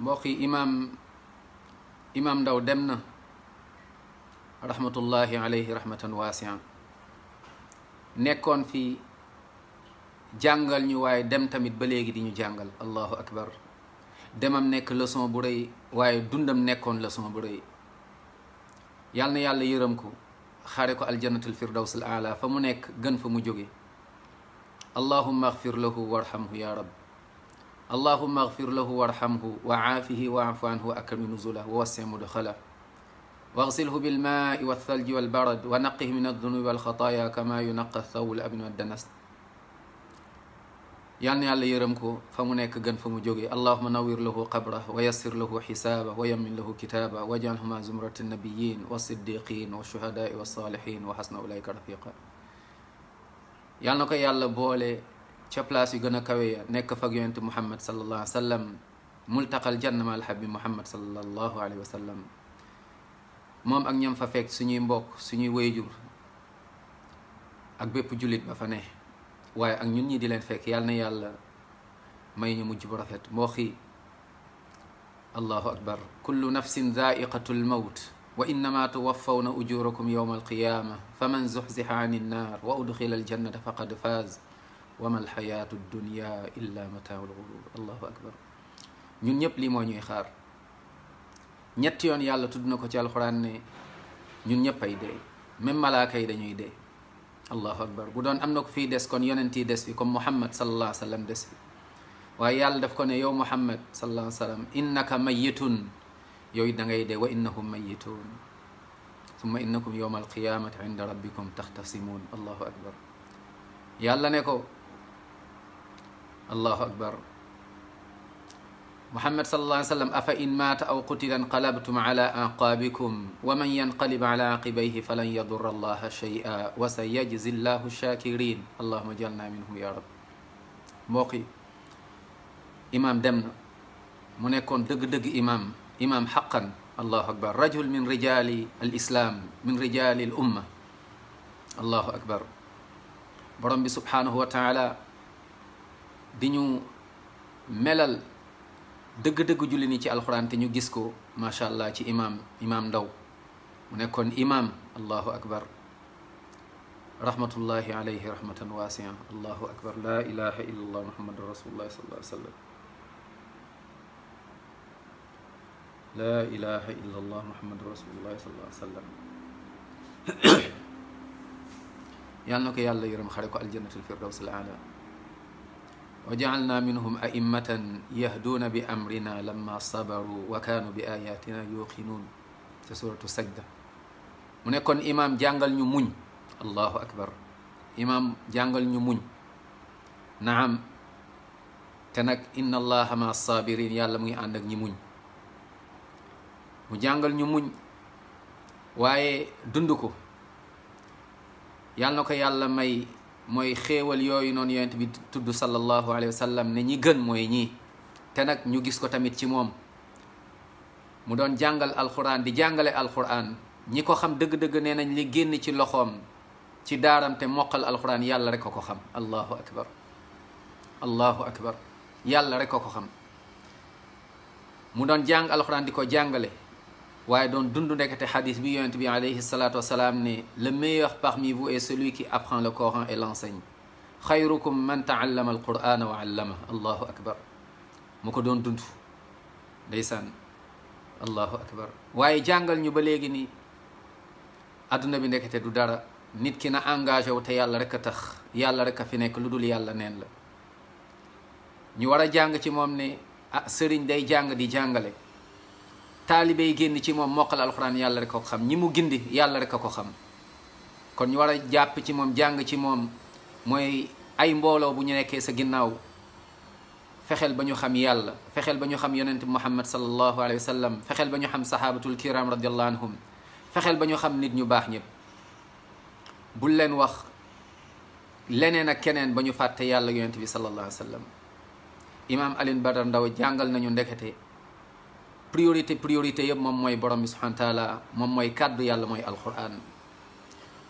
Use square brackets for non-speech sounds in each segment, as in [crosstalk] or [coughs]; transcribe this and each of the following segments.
mbokk yi imaam imaam ndaw dem na rahmatullahi alayhi rahmatan waasian nekkoon fi jàngal ñu waaye dem tamit ba léegi di ñu jàngal allahu akbar demam nekk leçon bu rëy waaye dundam nekkoon leçon bu rëy yàlla yàlla yërëm ko xaare ko aljanatul firdaws al aala fa mu nekk gën fa mu jóge allahumma axfir lahu warhamhu ya rab allahuma agfir lahu warhamhu wa aafihi wa afu anhu akrim nuzula wa wassi mudxala واغسله بالماء والثلج والبرد ونقه من الذنوب والخطايا كما ينقى الثوب الأبيض من الدنس yal na yàlla yërëm ko fa mu nekk gën fa mu jóge allahuma nawir lahu qabra wa yassir lahu xisaaba wa yammin lahu kitaaba wajalhuma zumrata nabiyin wa siddiqin wa shuhadaai wa salihin wa xasna ulayka rafiqa yal na ko yàlla boole ca place yu gën a kawe ya nekk fak yonent muhammad sallallahu alayhi wa sallam multaqal jann maal habib muhammad sallallahu alayhi moom ak ñam fa fekk suñuy mbokk suñuy wayjur ak bépp jullit ba fa ne waaye ak ñun ñii di leen fekk yàlla na yàlla may ñu mujj bu rafet mbokk yi allahu akbar kullu nafsin zaiqatu lmawt wa innama tuwaffawna ujurakum yowma alqiyama faman zuxzixa an innaar wa udxila aljannata faqad faaz wama alxayaatu dunia illa mataaul xurur allahu akbar ñun ñëpp lii moo ñuy xaar ñetti yoon yàlla tudd na ko ci alxuraan ne ñun ñëpp ay dee même malaaka yi dañuy dee allahu akbar bu doon am na ko fii des kon yonent yi des fi comme muhammad sallallahu alayhi wa sallam des fi waaye yàlla def ko ne yow muhammad sallallahu alayhi wa sallam innaka mayitun yooyu da ngay dee wa innahum mayitun summa innakum yowma alqiyamati inda rabbikum taxtasimuun ne ko allahu akbar muhammad sallallahu alayhi wa sallam afa in maata aw qutila inqalabtum ala aqaabikum wa man yanqalib ala aqibayhi falan yadur allaha shay'a wa sa yajzi llahu shakirin allahuma jalna minhum ya rab mbokk yi imaam dem na mu nekkoon dëgg-dëgg imaam imaam xaqan allahu akbar rajul min rijali al islaam min rijali al umma allahu akbar borom bi subhaanahu wa taala di ñu melal dëgg-dëgg julli ni ci alxuraan te ñu gis ko macha allah ci imaam imaam ndaw mu nekkoon imaam allahu akbar rahmatullahi alayhi rahmatan akbar laa ilaha illa allah muhammadu rasulullahi sallallahu alayhi wa sallam laa ilaha illa allah muhammadu rasulullahi sallallahu alayhi wa yàlla [coughs] na ko yàlla yërëm xare ko aljanatul firdaws al wa jacalnaa minhum a'immatan yahduuna bi amrina lamma sabaru wa kaanu bi ayatina yuqinuun ca suratu sajda mu ne kon imaam jàngal ñu muñ allahu akbar imaam jàngal ñu muñ naam te nag inna allaha ma sabirin yàlla mu ngi ànd ak ñi muñ mu jàngal ñu muñ waaye dund ko yàlla na ko yàlla may mooy xéewal yooyu noonu yonent bi tudd sallallahu alayhi wa ne ñi gën mooy ñii te nag ñu gis ko tamit ci moom mu doon jàngal alxuraan di jàngale alxuraan ñi ko xam dëgg-dëgg nee nañ li génn ci loxoom ci daaram te moqal alxuraan yàlla rek ko ko xam allahu akbar allahu akbar yàlla rek ko ko xam mu doon jàng alxuraan di ko jàngale waaye doon dundu ndekete xadis bi yonent bi alayhi salaatu wasalaam ne le meilleur parmi vous est celui qui apprend le Coran et l'enseigne xayrukum man taallama alqurana wa allama allahu akbar mu ko doon dund ndeysaan allahu akbar waaye jàngal ñu ba léegi nii adduna bi ndekete du dara nit ki na engagé wu te yàlla rek a tax yàlla rek a fi nekk lu dul yàlla neen la ñu war a jàng ci moom ne ah sëriñ day jàng di jàngale taalibe yi génn ci moom mokkal alxuraan yàlla rek a ko xam ñi mu gindi yàlla rek a ko xam kon ñu war a jàpp ci moom jàng ci moom mooy ay mbooloo bu ñu nekkee sa ginnaaw fexeel ba ñu xam yàlla fexeel ba ñu xam yonent bi muhammad sallallahu alayhi wa sallam fexeel ba ñu xam sahabatul kiram radiallahu anhum fexeel ba ñu xam nit ñu baax ñëpp bul leen wax leneen ak keneen ba ñu fàtte yàlla yonent bi sallallahu alayhi wa sallam imaam Alioune Badara Ndao jàngal nañu ndekete priorité priorité yëpp moom mooy borom bi subhanahu wa taala moom mooy kàddu yàlla mooy alquran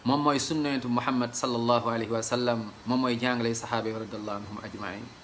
moom mooy sunnatu muhammad sallallahu alayhi wa sallam moom mooy jàngale sahaaba yi radiallahu anhum ajmain